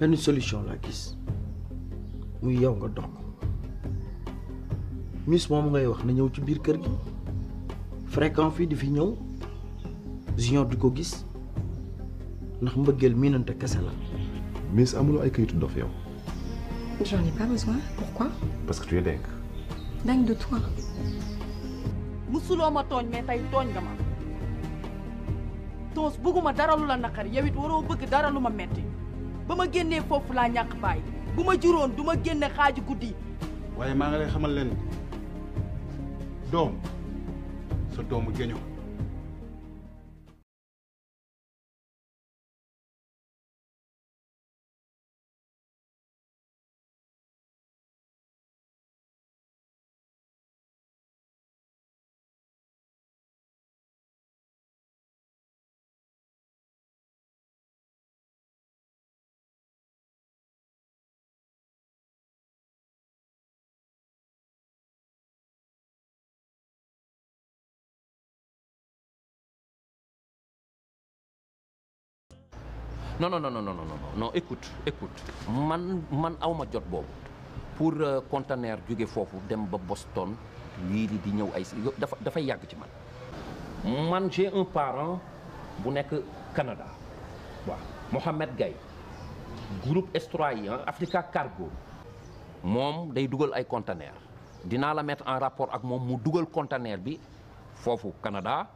benn solution laa gis muy yow nga dox ko miss moom ngay wax na ñëw ci biir kër gi fréquent fii di fi ñëw Junior di ko gis ndax mbëggeel miinante kese la. miss amuloo ay kayitu dof yow. j'en ai pas besoin pourquoi. parce que tu es de toi. musuloo ma tooñ mais tey tooñ nga ma toos bëgguma dara lu la naqar yow it waroo bëgg dara lu ma metti. ba ma génnee foofu laa ñàkk baay bu ma juróon du ma génne xaaju guddi. waaye maa ngi lay xamal leen doom sa doomu géño non non non non non non écoute écoute man man awma jot boobu pour euh, conteneur jóge foofu dem ba Boston lii di ñëw ay dafa dafay yàgg ci man. man j'ai un parent bu nekk Canada waaw Mohamed Gaye groupe S3 yi Africa Cargo moom day dugal ay conteneur dinaa la mettre en rapport ak moom mu dugal conteneur bi foofu Canada.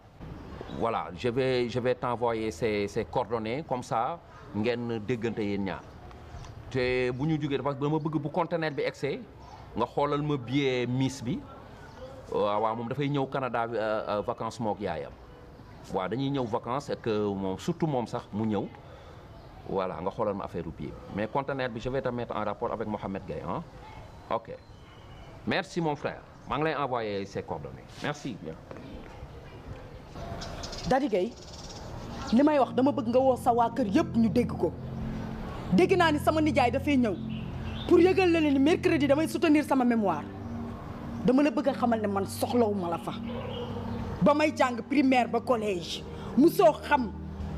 voilà je vais je vais t'envoyer ces comme ça ngeen déggante yéen ñaar te bu ñu jógee parce que dama bëgg bu conteneur bi egsee nga xoolal ma billet miss bi waaw waaw moom dafay ñëw Canada euh, euh, vacances mook yaayam waaw dañuy ñëw vacances ak euh, moom surtout moom sax mu ñëw voilà nga xoolal ma affaire billet mais conteneur bi je vais te en rapport avec Mohamed Gaye ok merci mon frère maa ngi lay envoyé ses coordonnées merci Daddy Gaye li may wax dama bëgg nga woo sa waa kër yëpp ñu dégg ko dégg naa ni sama nijaay dafay ñëw pour yëgal la ni mercredi damay soutenir sama mémoire dama la bëgg xamal ne man soxlawuma la fa ba may jàng primaire ba collège musoo xam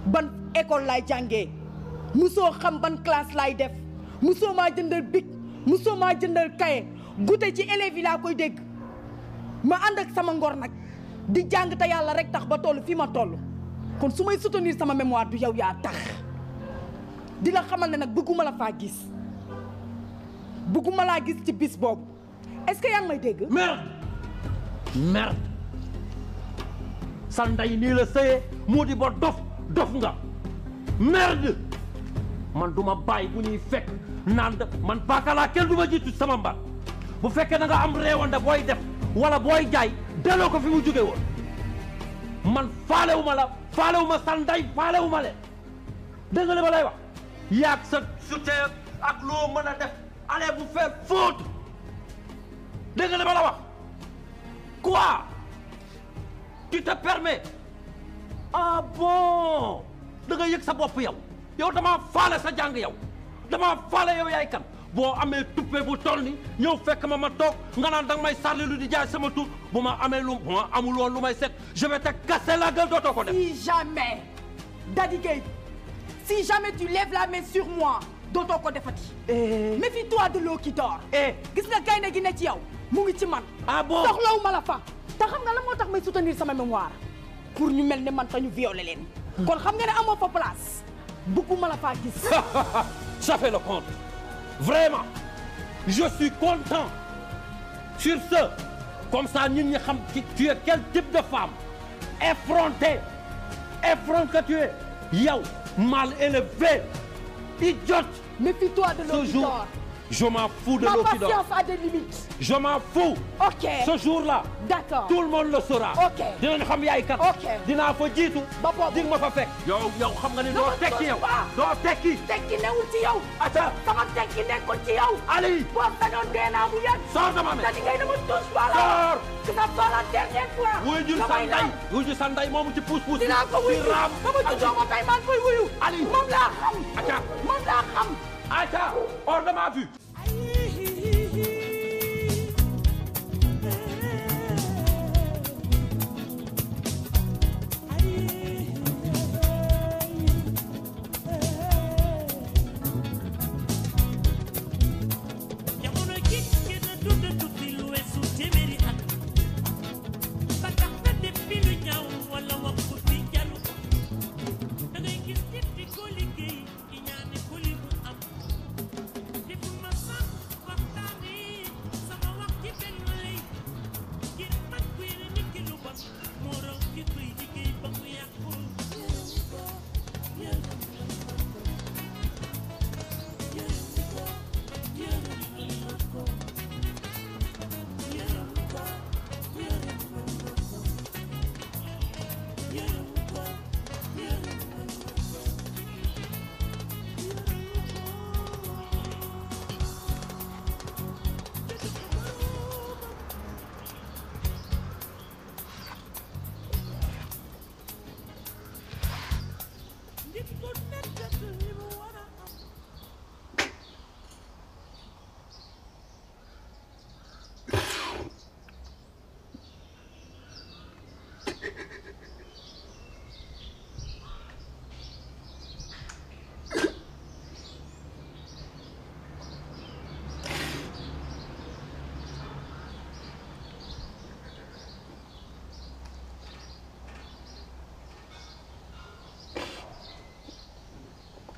ban école laay jàngee musoo xam ban classe laay def musoo maa jëndal bic musoo maa jëndal kaye gute ci élèves yi laa koy dégg ma ànd ak sama ngor nag di jàng te yàlla rek tax ba toll fii ma toll kon su may soutenir sama mémoire du yow yaa tax di xamal ne nag bëgguma la faa gis bëgguma laa gis ci bis boobu est-ce que yaa ngi may dégg. merde merde sa ndey nii la sëyee moo di ba dof dof nga merde man duma baay bàyyi bu ñuy fekk naan man baakalaa kenn du ma jiitu sama mbar bu fekkee da nga am réewande booy def wala booy jaay delloo ko fi mu jóge woon man faalewu la. faalewuma sa ndey faalewuma le dégg nga li ma lay wax sa sutee ak loo mën a def allez bu faire foutre dégg la wax quoi tu te permets ah bon yëg sa bopp yow yow damaa faale sa jàng yow dama faale yow yaay kan boo amee tuppe bu toll ni ñëw fekk ma ma toog nga naan danga may sarli lu di jaay sama tur bu ma amee lu ma amuloon lu may set je vais te casser la gueule dootoo ko def. si jamais Daddy Gueye si jamais tu lèves la main sur moi dootoo ko defati. Eh. méfie-toi loo l'eau qui dort. Eh. gis nga gaynde gi ne ci yow mu ngi ci man. ah bon soxlawu ma la fa. te xam nga lan moo tax may soutenir sama mémoire pour ñu mel ne man tañu violé leen. Hmm. kon xam nga ne amoo fa place bëgguma la faa gis. ça fait le vraiment je suis content sur ce comme ça ñun ñi xam ci tu es quel type de femme effrontée effronte que tu es yow mal élevé idiote méfie-toi de l'auditeur Je m'en fous de l'eau qui dort. Ma a des limites. Je m'en fous. OK. Ce jour-là. D'accord. Tout le le saura. OK. OK. dinaa fa jiitu. ba boobu dinga ma fa fekk. yow yow xam nga ne doo tekki yow. doo tekki. tekki newul ci yow. ata sama tekki nekkul ci yow. Aliou. boo sañoon dee naa mu yàgg. soor dama mel. te di ngay dama tous wala. soor. que ça soit la dernière fois. wuyu sa ndey wuyu sa ndey moomu ci puus puus. dinaa ko wuyu raam. dama juddoo ma tey maa ngi koy wuyu. Aliou moom laa xam. ata moom laa xam. ata hors de ma vue. Bye.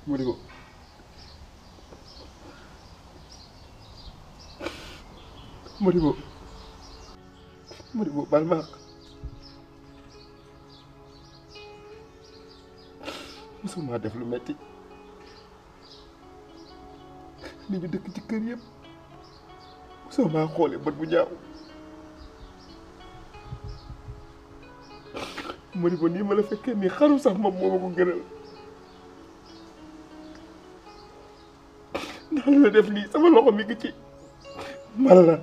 Modibo Modibo Modibo baal ma def lu metti li ñu dëkk ci kër yëpp musuma xoolee bët bu ñaaw Modibo nii ma la fekkee nii xaru sax moom moo ma ko gënal lii def sama loxo mi ngi ci man la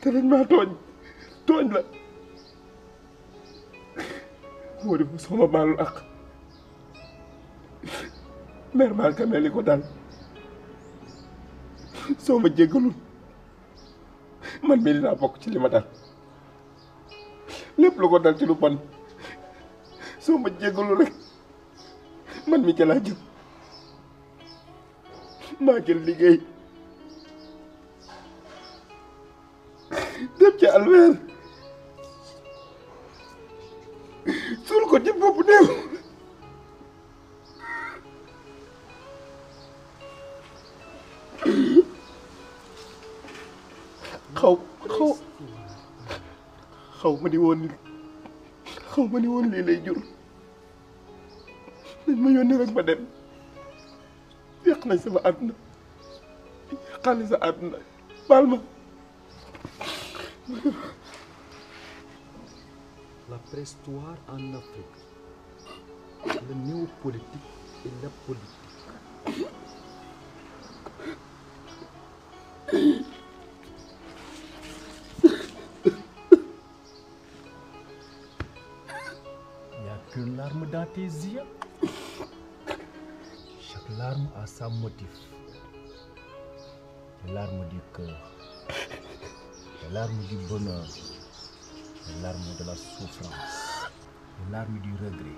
te dañ maa tooñ tooñ la moo di bu sama baalu ak mer maa li ko dal soo ma jéggalul man mii dinaa bokk ci li lépp lu ko dal ci lu bon soo ma jégalu rek man mi ca laa jëm maa jël liggéey dem ca alweer suul ko ci bopp néew xaw xaw xaw xaw ma ni woon lii lay jur ma yónni ma dem yàq nañ sama àdduna yàqal baal ma. la préhistoire en Afrique le néopolitique et politique. du cœur, les regret.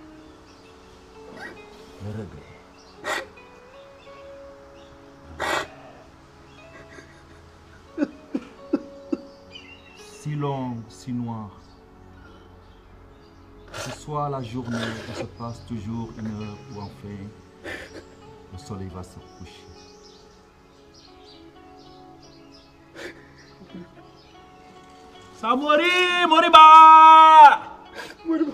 Le regret. si longue, si noire. Que ce soit la journée, il se passe toujours une heure où enfin le soleil va se coucher. Samori Moriba! Moriba.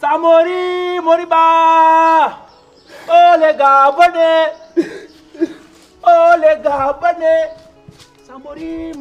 Samori Moriba! Oh les gars, venez! Oh les gars, venez! Samori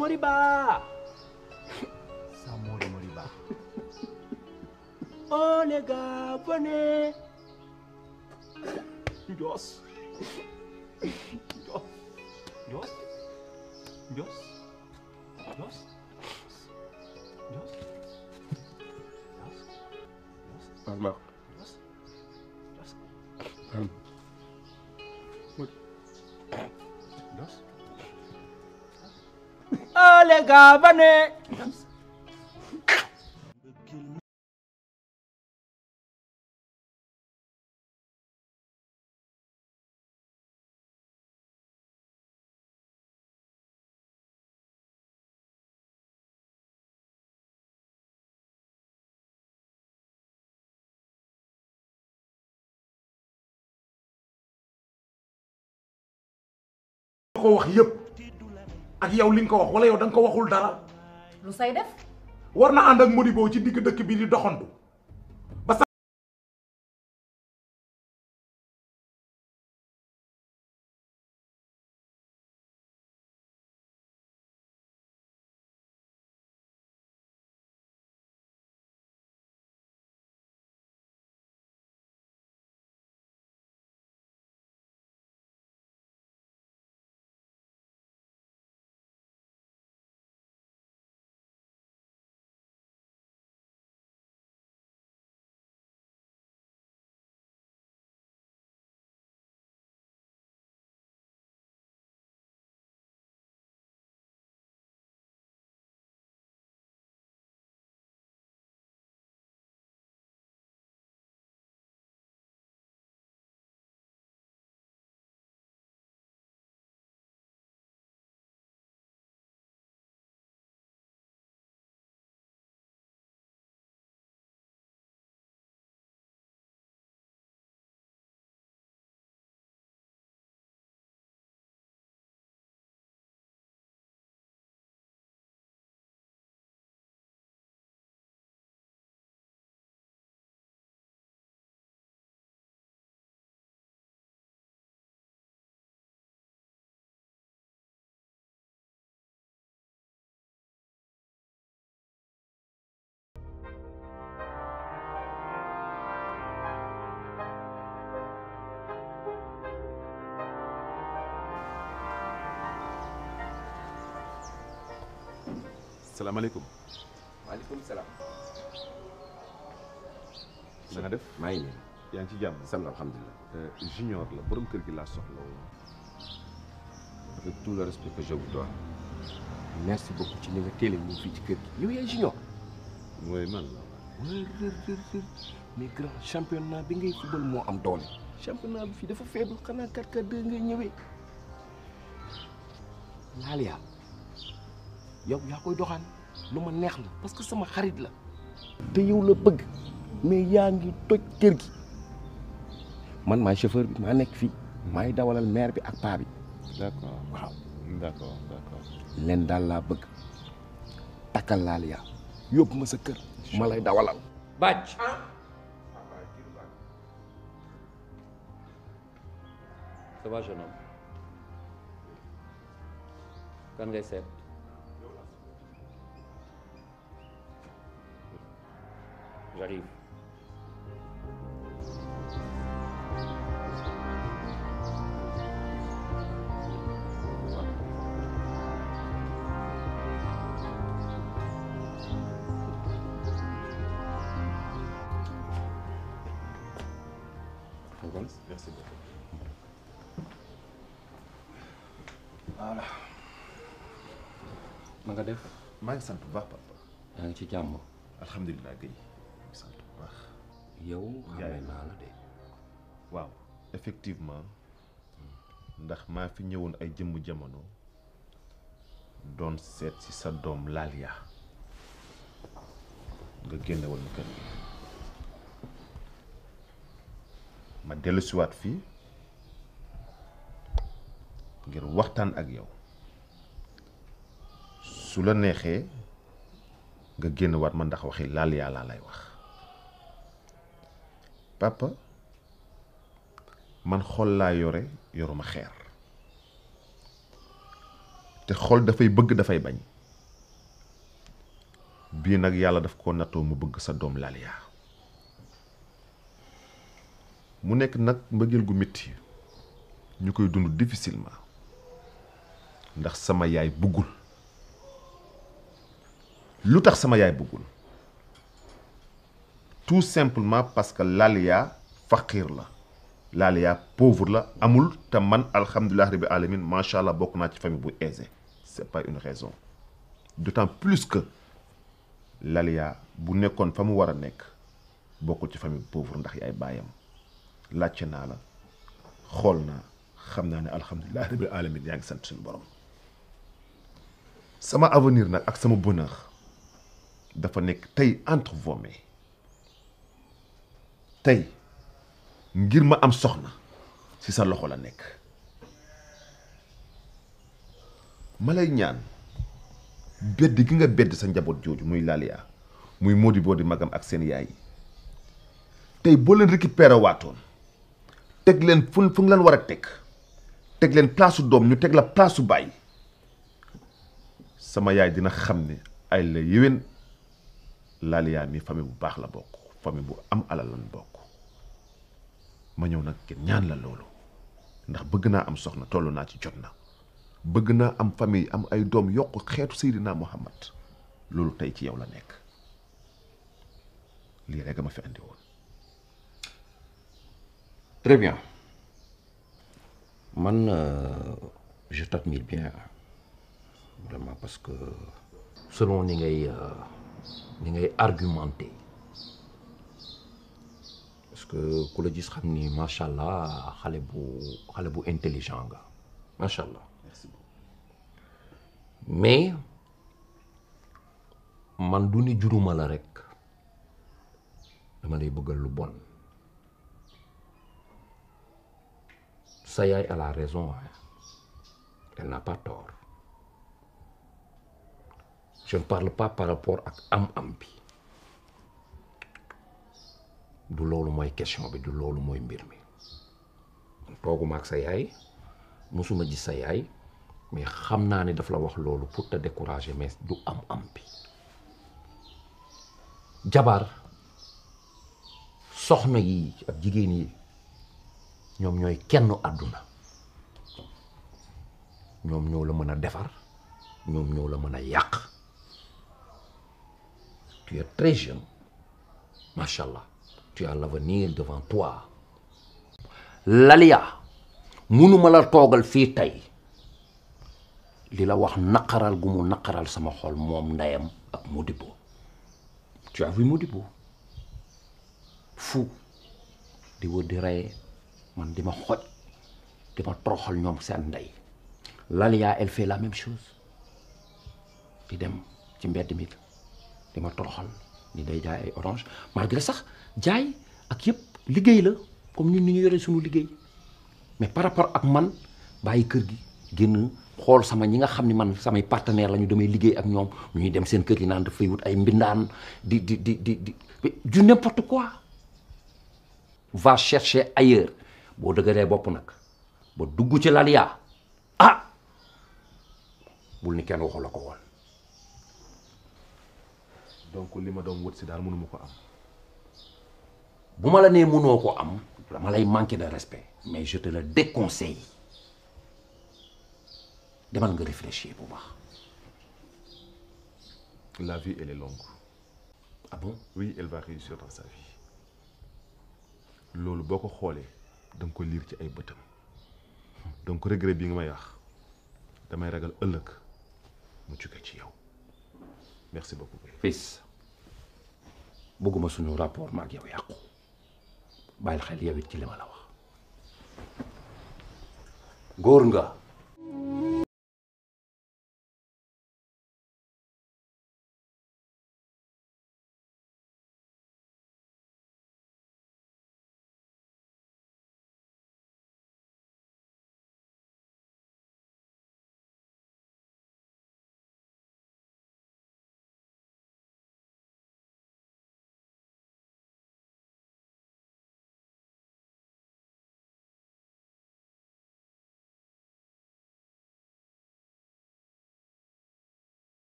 baal ma baal ma. ale gabane. ko wax yëpp ak yow li nga ko wax wala yow da ko waxul dara. lu say def. war na ànd ak Modibo ci digg dëkk bi di doxantu. asalaamaaleykum. maaleykum salaam. na def maa ngi nii. yaa ngi ci jàmm sam alhamdulilah. Euh, junior la borom kër gi laa soxla woon. avec tout merci beaucoup ci ni nga teel a ñëw fii ci kër gi yow junior. mooy man la. mooy rër rër rër mais grand championnat bi ngay football moo am doole. championnat bi fii dafa faible xanaa 4 4 ngay ñëwee. laal yàlla. yow yaa koy doxaan lu ma neex la parce que sama xarit la te yow la bëgg mais yaa ngi toj kër gi man maay chauffeur bi maa nekk fii maay dawalal maire bi ak paa bi d'accord leen daal laa bëgg takkal laal yaa yóbbu ma sa kër ma lay dawalal j'arrive. Merci ma nga def. maa ngi sant yaa ngi ci jàmm. alhamdulilah Guèye. yow xamee de. waaw effectivement ndax maa fi ñëwoon ay jëmm jamono doon seet ci sa doom Laalia nga génnewal ma kër dellusiwaat fii ngir waxtaan ak yow su la neexee nga génn waat ma ndax waxi Laalia laa lay wax. papa man xol laa yore yoruma xeer te xol dafay bëgg dafay bañ bii nag yàlla daf ko nattoo mu bëgg sa doom Laliya mu nekk nag mbëggeel gu metti ñu koy dund difficilement ndax sama yaay bëggul lu tax sama yaay bëggul tout simplement parce que laliya faqir la laliya pauvre la amul te man alhamdulilah rabbi alamin macha allah bokk naa ci famille bu aisée c'est pas une raison d'autant plus que laliya bu nekkoon fa mu war a nekk bokkul ci famille bu pauvre ndax yaay baayam laajte naa la xool naa xam naa ni alhamdulilah rabbi alamin yaa ngi sant suñu borom sama avenir nag ak sama bonheur dafa nekk tey entre vos tey ngir ma am soxna ci sa loxo la nekk ma lay ñaan bedd gi nga bedd sa njaboot jooju muy Laliya muy Modi Bodi magam ak seen yaay yi tey boo leen récupéré teg leen fu fu nga leen war a teg teg leen placeu doom ñu teg la placeu baay sama yaay dina xam ni ay la yéwén Laliya mi famille bu baax la bokk famille bu am alal lan bokk ma ñëw nag ngir ñaan la loolu ndax bëgg naa am soxna toll naa ci jot na bëgg naa am famille am ay doom yokk xeetu Seydina Muhammad loolu tey ci yow la nekk lii rek ma fi andi woon. très bien man euh, je t'admire bien vraiment parce que selon ni ngay euh, ni ngay argumenter. que ku la gis xam ni macha allah xale bu xale bu intelligent nga macha allah. merci mais man du ni juruma la rek dama lay bëggal lu bon sa yaay elle la raison elle n'a pas tort je ne parle par rapport ak am-am bi. du loolu mooy question bi du loolu mooy mbir mi tooguma ak sa yaay musuma gis sa yaay mais xam naa ni daf la wax loolu pour te décourager mais du am am bi jabar soxna yi ak jigéen yi ñoom ñooy kenn àdduna ñoom ñoo la mën a defar ñoom ñoo la mën a yàq tu es macha allah tu as l'avenir devant toi Laliya munuma la toogal fii tey li la wax naqaral gu naqaral sama xool moom ndeyam ak Modibo tu as vu Modibo fu di wër di rey man di ma xoj di ma toroxal ñoom seen ndey lalya elle fait la même chose di dem ci mbedd mi di ma toroxal ni day jaay orange malgré sax jaay ak yëpp liggéey la comme ñun ni ñu yore suñu liggéey mais par rapport ak man bàyyi kër gi génn xool sama ñi nga xam ne man samay partenaire lañu ñu damay liggéey ak ñoom ñuy dem seen kër yi naan dafay wut ay mbindaan di di di di di du n'importe quoi va chercher ailleurs boo dëgëree bopp nag ba dugg ci laliyaa ah bul ni kenn waxu la ko woon donc li ma doon wut si daal mënuma ko am bu ma la nee mënoo ko am dama manqué manquer de respect mais je la le déconseille demal nga réfléchir bu baax. la vie elle est longue. ah loolu boo ko xoolee da nga ko liir ci ay bëtam donc regret bi nga may wax damay ragal ëllëg mu jóge ci yow merci beaucoup. fils bëgguma suñu rapport ma ak yow yàqu. bàyyil xel yow it ci li ma la wax góor nga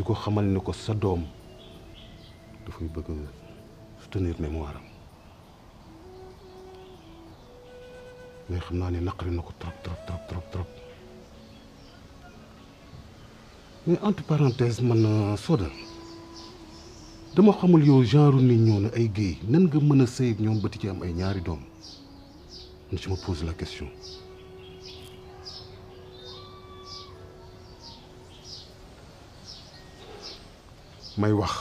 di ko xamal ni ko sa doom dafay bëgg soutenir mémoire am mais xam naa ni naqari na ko trop trop trop trop trop mais entre parenthèse man euh, Soda dama xamul yow genre nit ñoo ne ay géey nan nga mën a sëy ñoom ba ci am ay ñaari doom man je me pose la question may wax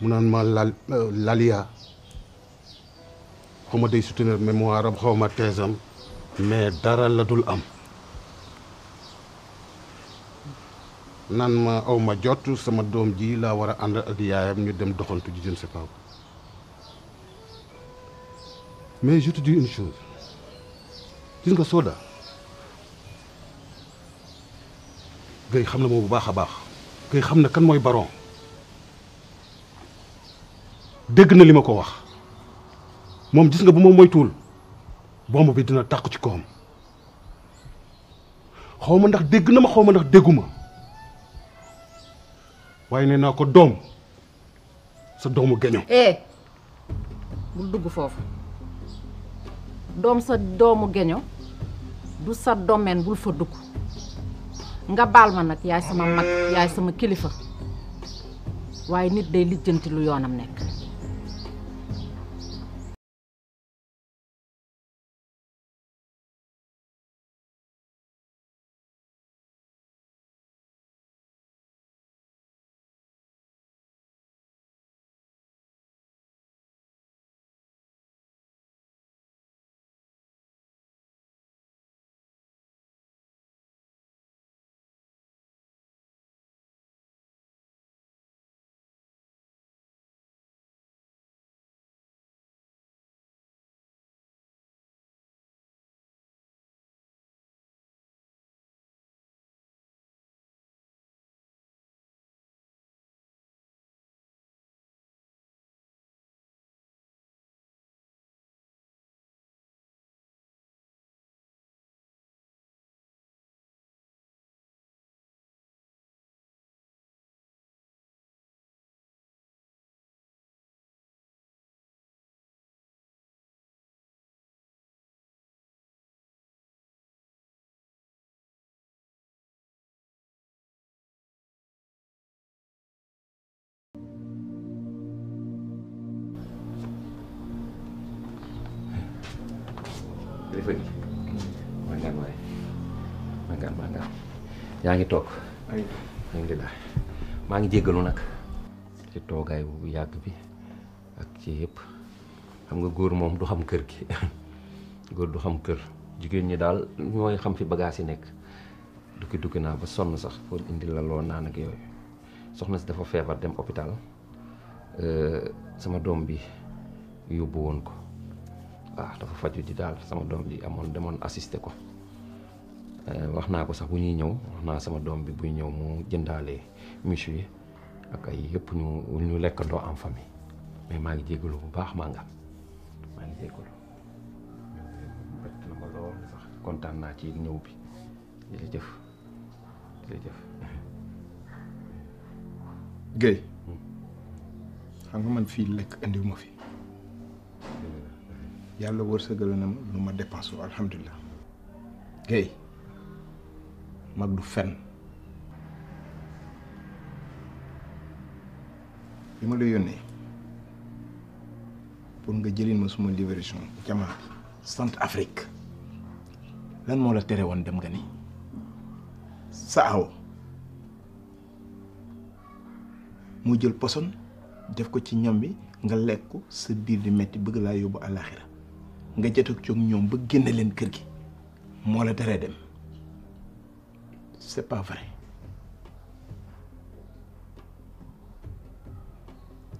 mu naan ma lal euh, Lalia xaw ma day soutenir mémoire am xaw ma thèse am mais dara la dul am nan ma aw ma jot sama doom ji laa war a ànd ak yaayam ñu dem doxantu ji je ne sais pas mais je te chose gis nga Soda Gueye xam na ma bu baax a baax. kay xam na kan mooy baron dégg na li ma ko wax moom gis nga bu ma moytuwul bomb bi dina tàq ci kawam xaw ma ndax dégg na ma xaw ma ndax déggu ma waaye nee naa ko doom sa doomu geño eh bul dugg foofu doom sa doomu geño du sa domaine bul fa dugg nga baal ma nag yaay sama mag yaay sama kilifa waaye nit day lijjanti lu yoonam nekk kilifa yaa ngi toog maa ngi jéggalu nag ci toogaay bu yàgg bi ak ci yëpp xam nga góor moom du xam kër gi góor du xam kër jigéen ñi daal ñooy xam fi bagaas yi nekk dukki dukki naa ba sonn sax pour indi la loo naan ak yooyu soxna si dafa feebar dem hôpital eh, sama doom bi yóbbu woon ko waaw ah, dafa faju ji daal sama doom ji amoon demoon assister ko eh, wax naa ko sax bu ñuy ñëw wax naa sama doom bi buy ñëw mu jëndaale miche yi ak ay yëpp ñu ñu lekkandoo en famille mais maa ngi jégalu bu baax maa nga maa ngi jégalu kontaan naa ci ñëw bi jërëjëf jërëjëf Guèye hmm. xam nga man fii lekk indiwuma fi yàlla wërsëgal na ma lu ma dépensé wu alhamdulilah. Guèye mag du fen li ma la yónnee pour nga jëlin ma suma libération jamaa centre Afrique lan moo la tere woon dem nga ni saaw mu jël poson def ko ci ñam bi nga lekk ko sa biir di metti bëgg laa yóbbu àllaaxira nga jotag coog ñoom ba génn leen kër gi moo la teree dem c'est pas vrai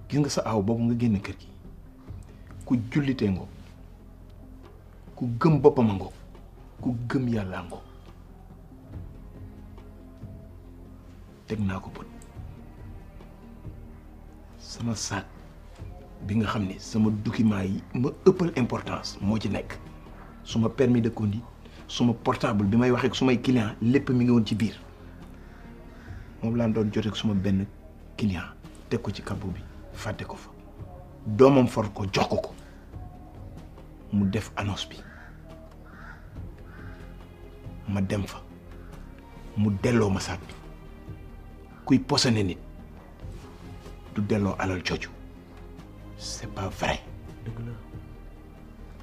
gis nga sa aw boobu nga génn kër gi ku jullitee ngoog ku gëm boppam a ngoog ku gëm yàlla a ngoog teg naa ko bët sama saak bi nga xam ne sama document yi ma ëppal importance moo ci nekk suma permis de conduire suma portable bi may waxee sumay client lépp mi ngi woon ci biir moom laa doon jotee ak suma benn client teg ko ci kabo bi fàtte ko fa doomam for ko jox ko ko mu def annonce bi ma dem fa mu delloo ma saat bi kuy posane nit du delloo alal jooju c'est pas vrai. dëgg la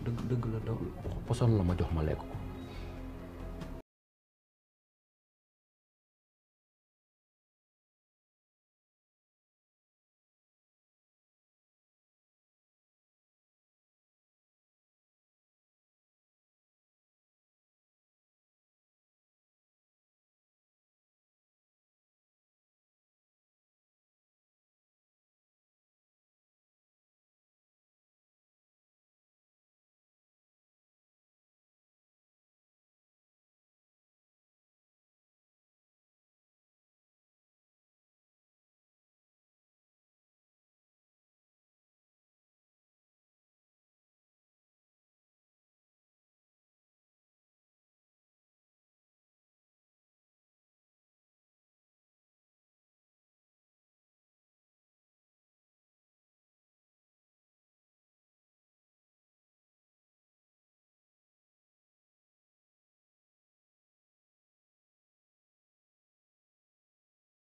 dëgg dëgg la poson la ma jox ma lekk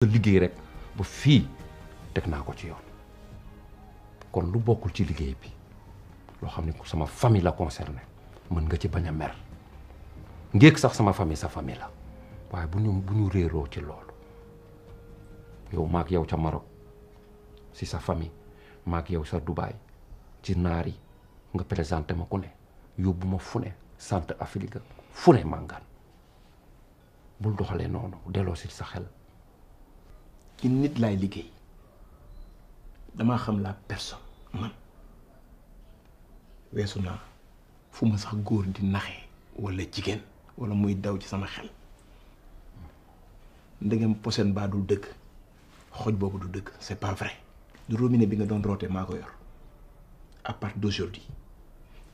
liggéey rek bu fii teg naa ko ci yoon kon lu bokkul ci liggéey bi loo xam ne sama famille la conserné mën nga ci bañ a mer ngéeg sax sama famille sa famille la waaye bu ñu réeroo ci loolu yow maak yow ca Maroc si sa famille maak yow sa dubaay ci naar yi nga présenté ma ku ne yóbbu ma fu ne centre Afrique fu màngaan bul doxalee noonu delloo si sa xel ci nit laay liggéey damaa xam la personne man weesu naa fu ma sax góor di naxe walla jigéen walla muy daw ci sama xel ndegem posen baa dul dëgg xoj boobu du dëgg c'est pas vrai du robinet bi nga doon rootee maa ko yor à partir d'aujourd'hui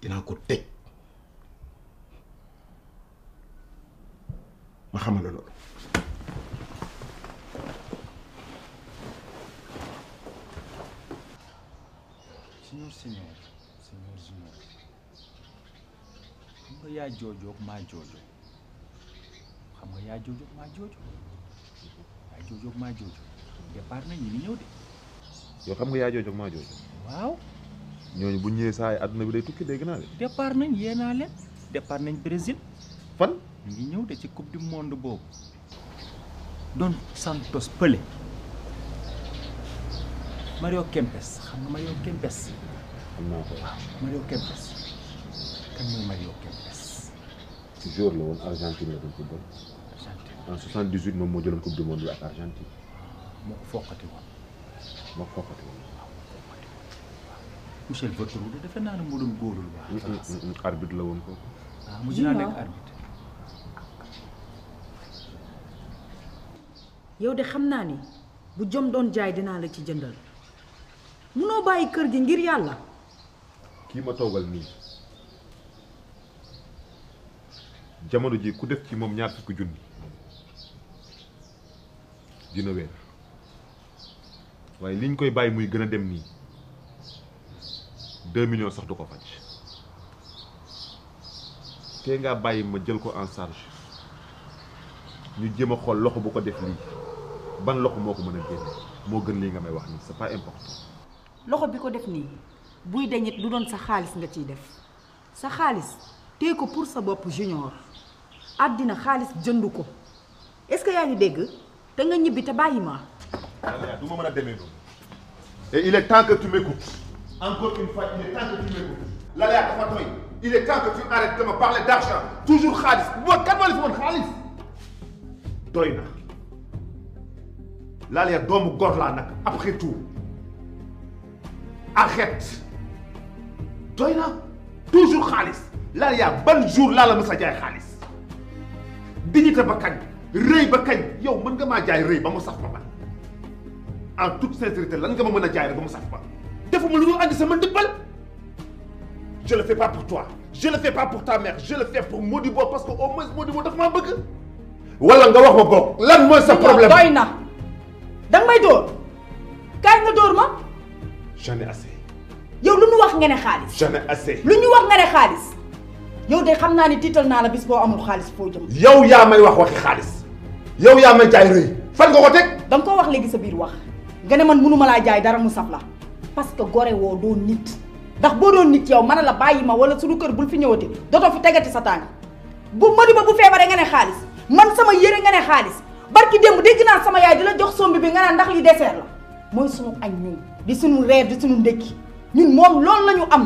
dinaa ko tëj ma xamal la loolu Senghor Senghor Senghor xam nga yaa joojoog maa joojo xam nga yaa joojoog maa joojo yaa joojoog maa joojo départ na ñi ngi ñëw de yow xam nga yaa joojoog maa joojo waaw ñooñu bu ñëwee saa yi àdduna bi day tukki dégg naa de départ nañ yee naa leen départ nañ Brésil fan ñu ngi ñëw de ci coupe du monde boobu Don Santos Pelé Mario Kempes xam nga Mario Kempes xam naa ko Mario Kempes kan mooy Mario Kempes ci jour la woon Argentine la doon football Argentine moo jëloon coupe du monde Argentine moo ko foqati woon moo ko foqati woon Michel Vautrou defe naa ne mu doon góorul baax mm, mm, mm, arbitre la woon kooku ah, yow de xam naa ni bu jom doon jaay dinaa la ci jëndal munoo bàyyi kër gi ngir yàlla kii ma toogal nii jamono ji ku def ci moom ñaar fukki junni dina wér waaye liñ koy bàyyi muy gën a dem nii deux millions sax du ko faj tee ngaa bàyyi ma jël ko en charge ñu jéem a xool loxo bu ko def lii ban loxo moo ko mën a moo gën lii nga may wax nii c'est pas important loxo bi ko def nii buy dañit du doon sa xaalis nga ciy def sa xaalis tey ko pour sa bopp junior àddina xaalis jëndu ko est-ce que yaa ni dégg te nga ñibbi te bàyyi ma. du ma mën a demee noonu. et il est temps que tu m'écoutes. encore il est temps que tu m'écoutes. Lala dafa tooy il est temps tu arrêtes de me parler toujours xaalis boo kan moo la fi woon xaalis. doy na Lala doomu góor laa nag après tout arrête. doy na toujours xaalis laa yaa ban jour laa la mës a jaay xaalis dignité ba kañ rëy ba kañ yow mën nga maa jaay rëy ba mu saf ba man en toute sincérité lan nga ma mën a jaay rek ba mu saf ba defuma lu dul andi sama ndëppal je le fais pas pour toi je le fais pas pour ta mère je le fais pour Modibo parce que au moins Modibo dafa maa bëgg wala nga wax ma boog lan mooy sa problème doy na danga may dóor kaay yow lu ñu wax nga ne xaalis. jamais assez. lu ñu wax nga ne xaalis yow de xam naa ne tiital naa la bis boo amul xaalis foo jëm. yow yaa may wax waxi xaalis yow yaa may jaay rëy fan nga ko teg. da koo wax léegi sa biir wax nga ne man mënu ma laa jaay dara mu saf la parce que gore woo doo nit ndax boo doon nit yow mën la bàyyi ma wala suñu kër bul fi ñëw ñëwati dootoo fi tegati sa tànk bu mënu ba bu feebaree nga ne xaalis man sama yére nga ne xaalis barki démb dégg naa sama yaay di la jox sombi bi nga naan ndax li dessert la mooy suñu añ ñun di suñu reer di suñu ndékki nit moom loolu la am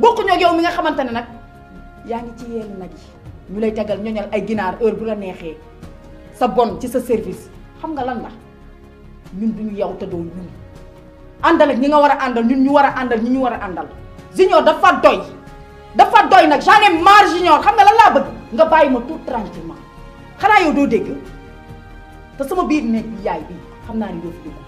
bokkuñoo ak yow mi nga xamante ne nag yaa ngi ci yenn nag yi ñu lay tegal ñoñal ay ginaar heure bu la neexee sa bon ci sa service xam nga lan la ñun duñu yow te doo ñun àndal ak ñi nga war a àndal ñun ñu war a àndal ñi ñu war a àndal junior dafa doy dafa doy nag j'en ai marre junior xam nga lan laa bëgg nga bàyyi ma tout tranquillement xanaa yow doo dégg te sama biir nekk bi yaay bi xam naa ne doo fi dugg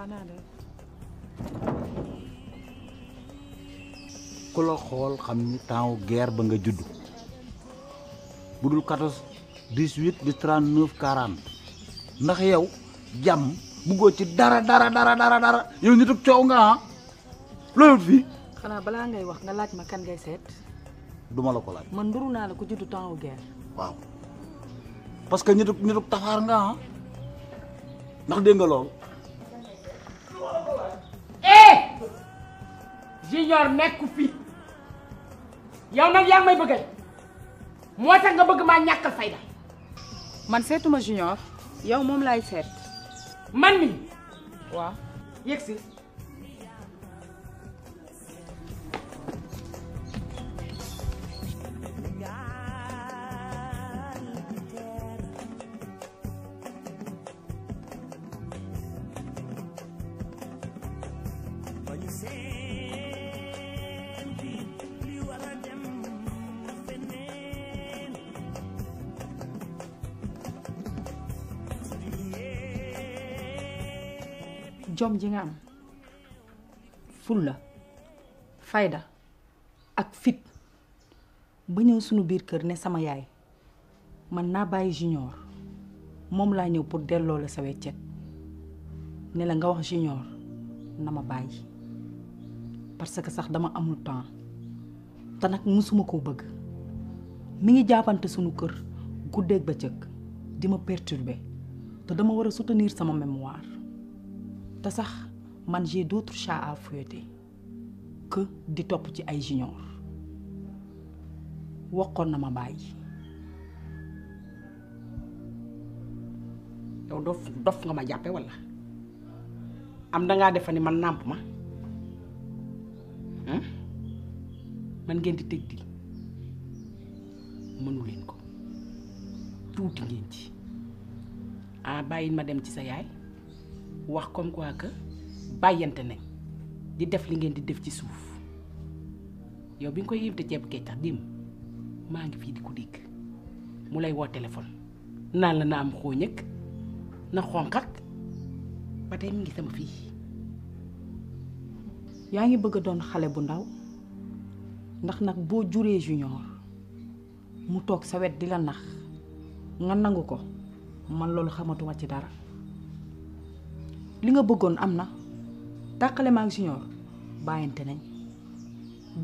Granada. ku la xool xam ni temps guerre ba nga juddu bu dul quatorze dix-huit di trente-neuf quarante ndax yow jàmm buggoo ci dara dara dara dara dara yow ñu tëb coow nga ah. loolu fii. xanaa balaa ngay wax nga laaj ma kan ngay seet. duma la ko laaj. man nduru naa la ku juddu temps guerre. waaw parce que ñi tëb ñi tëb nga ah. ndax dégg nga loolu. junior nekku fii yow nag yaa ngi may bëggal moo tax nga bëgg maa ñàkkal fayda man seetuma junior yow moom laay seet man mi waaw yëg jom ji nga am fulla fayda ak fit ba ñëw sunu biir kër ne sama yaay man naa bàyyi junior moom laa ñëw pour delloo la sa weccet ne la nga wax junior na ma bàyyi parce que sax dama amul temps te nag mosuma koo bëgg mu ngi jàppante sunu kër guddeeg bëccëg di ma perturber te dama war a soutenir sama mémoire te sax man j'ai d'autres chats à que di topp ci ay junior waxoon na ma bàyyi yow dof dof nga ma jàppe walla am dangaa defa ni man nàmp ma hmm? man ngeen di tëj di ko tuuti ngeen ci ah bàyyi ma dem ci sa yaay wax comme quoi que bàyyante nañ di def li ngeen di def ci suuf yow bi nga koy yéemte ceeb kecc tax démb maa ngi fii di ko dégg mu lay woo téléphone naan la na am xooñ ak na xonqat ba tey mi ngi sama fii yaa ngi bëgg a doon xale bu ndaw ndax nag boo juree junior mu toog sa wet di la nax nga nangu ko man loolu xamatuma ci dara li nga bëggoon am na tàqale maag junior bàyyante nañ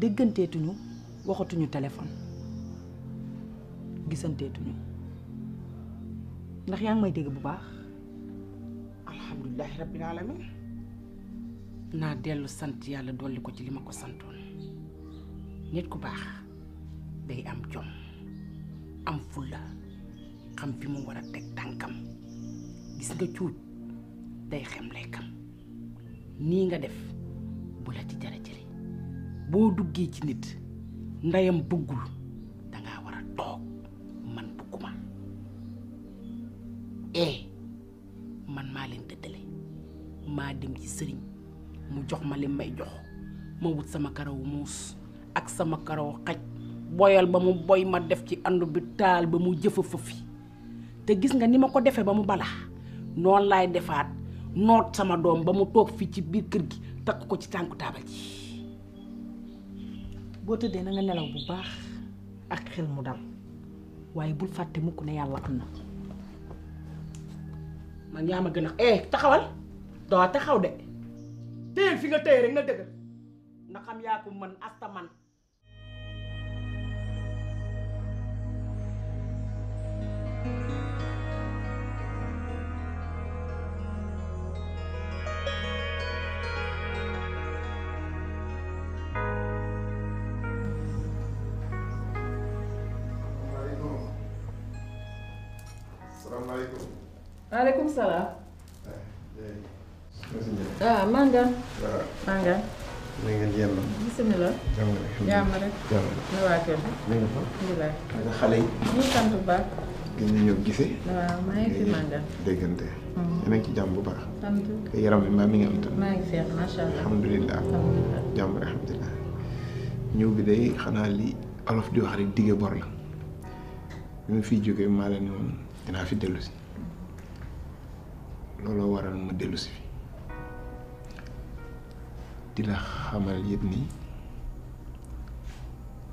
dégganteetuñu waxatuñu téléphone gisanteetuñu ndax yaa ngi may dégg bu baax alhamdulilahi rabbil alamin naa dellu sant yàlla dolli ko ci li ma ko santoon nit ku baax day am jom am fulla xam fi mu war a teg tànkam gis nga cuuj tey xem nii nga def bu la ci jara boo duggee ci nit ndeyam bëggul danga war a toog man ma ee eh, man maa leen dëddale maa dem ci sëriñ mu jox ma li may jox ma wut sama karawu muus ak sama karawu xaj boyal ba mu boy ma def ci andu bi taal ba mu jëfa fëfi te gis nga ni ma ko defee ba mu balaa noonu laay defaat noot sama doom ba mu toog fii ci biir kër gi takk ko ci tànku taabal ji boo tëddee na nga nelaw bu baax ak xel mu dal waaye bul fàtte mukk ne yàlla am na man yaa ma gën a eh taxawal doo taxaw de téye fi nga téye rek nga dëgg ndax xam yaa ko mën asta man aleykum salaam. ah Mangane. waaw Mangane. na ngeen yéen a. bisimilah. jàmm rek jàmm rek. ñu waa kër gi. ñu ngi fa. alhamdulilah. nga xale yi. ñu sant bu baax. gën na ñëw gisee. waaw maa ngi fi Mangane. déggante. yéen a ci jàmm bu baax. sant. te yaram bi maa mi ngi am tam. maa ngi seet macha allah. alhamdulilah. jàmm rek alhamdulilah. ñëw bi day xanaa li olof di wax rek dige bor la. bi ma fiy jógee maa leen ne woon dinaa fi dellu si. looloo waral ma dellusi si fi di xamal yëpp nii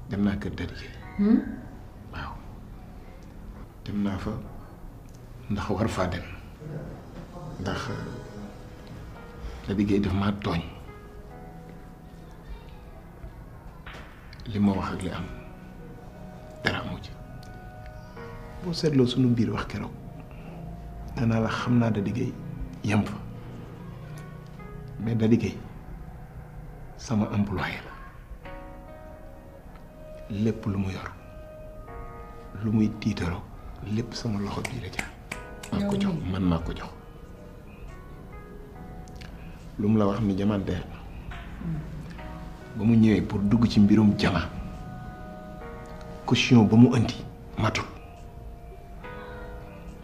dem naa kër Dadi hmm? waaw dem naa fa ndax war faa dem ndax la liggéey daf maa tooñ li ma wax ak li am dara ci boo seetloo sunu biir wax keroog. danaa la xam naa da Gueye yem mais da Gueye sama employé la lépp lu mu yor lu muy tiitaro lépp sama loxo bii la maa ko jox man maa ko jox lu mu la wax ni jaman deer ba mu ñëwee pour dugg ci mbirum jaman caution ba mu indi matul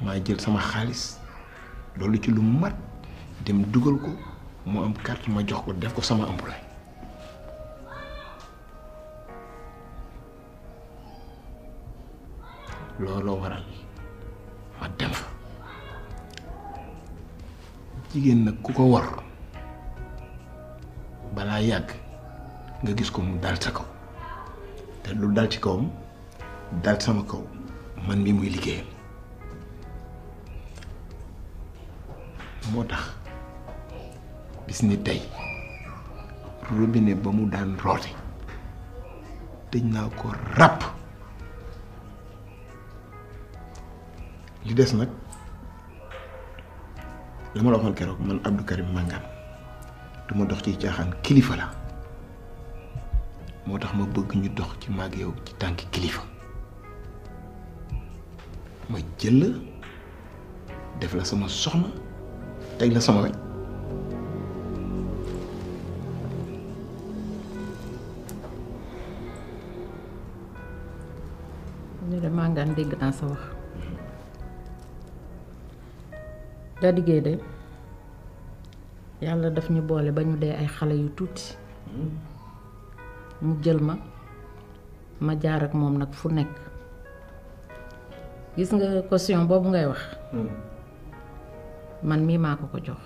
maa jël sama xaalis loolu ci lu mat dem dugal ko mu am carte ma jox ko def ko sama employé looloo waral ma dem fa jigéen nag ku ko war balaa yàgg nga gis ko mu dal sa kaw te lu dal ci kawam dal sama kow man mi muy liggéeyam moo tax bis ni tey robinet ba mu daan roote tëj naa ko ràpp li des nag la la waxoon keroog man Abdou Karim Mangane duma dox ci caaxaan kilifa la moo tax ma bëgg ñu dox ci maag yow ci tànki kilifa ma jël def la sama soxna teg la sama wet ñu de dégg naa sa wax daa liggéey de yàlla def ñu boole ba ñu dee ay xale yu tuuti mu jël ma ma jaar ak moom nag fu nekk gis nga caution boobu ngay wax hmm. man mii maa ko ko jox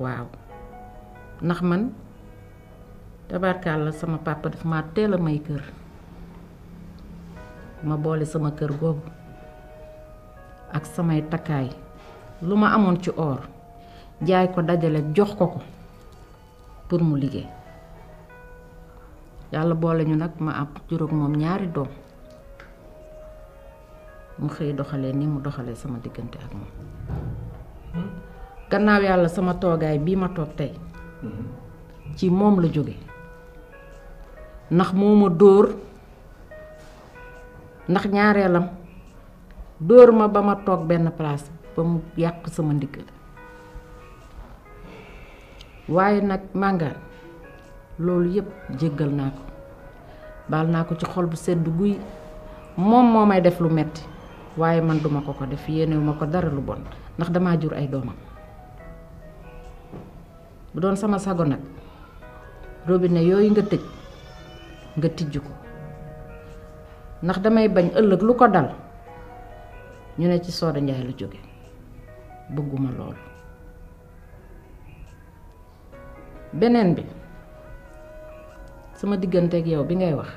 waaw ndax man tabarkaal la sama papa daf ma teel a may kër ma boole sama kër googu ak samay takkaay lu ma amoon ci oor jaay ko dajale jox ko ko pour mu liggéey yàlla boole ñu nag ma am juróom moom ñaari doom mu xëy doxalee ni mu doxalee sama diggante ak moom gannaaw yàlla sama toogaay bii ma toog tey ci moom la jóge ndax moo ma dóor ndax ñaareelam dóor ma ba ma toog benn place ba mu yàq sama ndigg waaye nag màngaan loolu yépp jéggal naa ko baal naa ko ci xol bu sedd guy moom moo may def lu metti waaye man duma ko ko def yéenewu ma ko dara lu bon ndax damaa jur ay doomam bu doon sama sago nag robine yooyu nga tëj nga tijj ko ndax damay bañ ëllëg lu ko dal ñu ne ci Soda Ndiaye la jóge bëgguma loolu beneen bi sama digganteeg yow bi ngay wax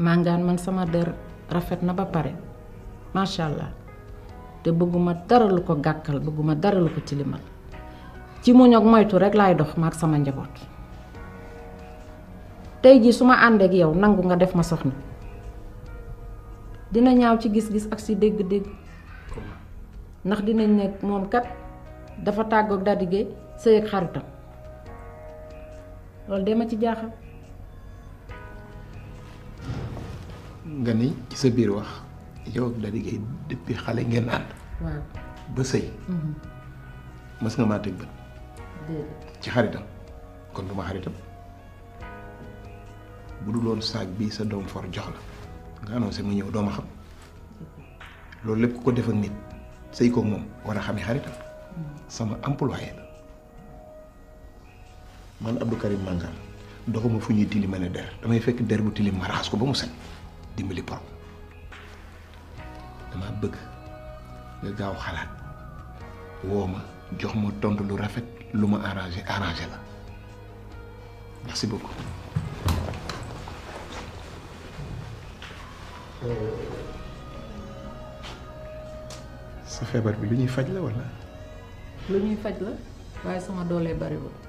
màngaan man sama der rafet na ba pare macha allah te bëgguma dara lu ko gàkkal bëgguma dara lu ko tilimal ci muñ ak moytu rek laay dox maak sama njaboot tey jii su ma ànd yow nangu nga def ma soxna dina ñaaw ci gis-gis ak si dégg-dégg ndax dinañ nekk moom kat dafa tàggoog Daddy Gueye sëy ak xaritam loolu de ma ci jaaxal. nga ni ci sa biir wax yow ak Daddy Gueye depuis xale ngeen ànd. ba sëy. mës mhm. nga maa teg bët. ci xaritam kon du ma xaritam bu dul saag bii sa doom for jox la nga annoncé ma ñëw dooma xam loolu lépp ku ko def nit sëy ko moom war a xamee xaritam mm. sama employé la man Abdou Karim Mangal doxuma fu ñuy tilimale der damay fekk der bu tilim ma raxas ko ba mu set dimbali borom damaa bëgg nga gaaw xalaat woo ma jox ma tontu lu rafet. lu ma arrangé arrangé la merci beaucoup. Euh, sa feebar bi lu ñuy faj la walla. lu ñuy faj la waaye sama doole bariwul.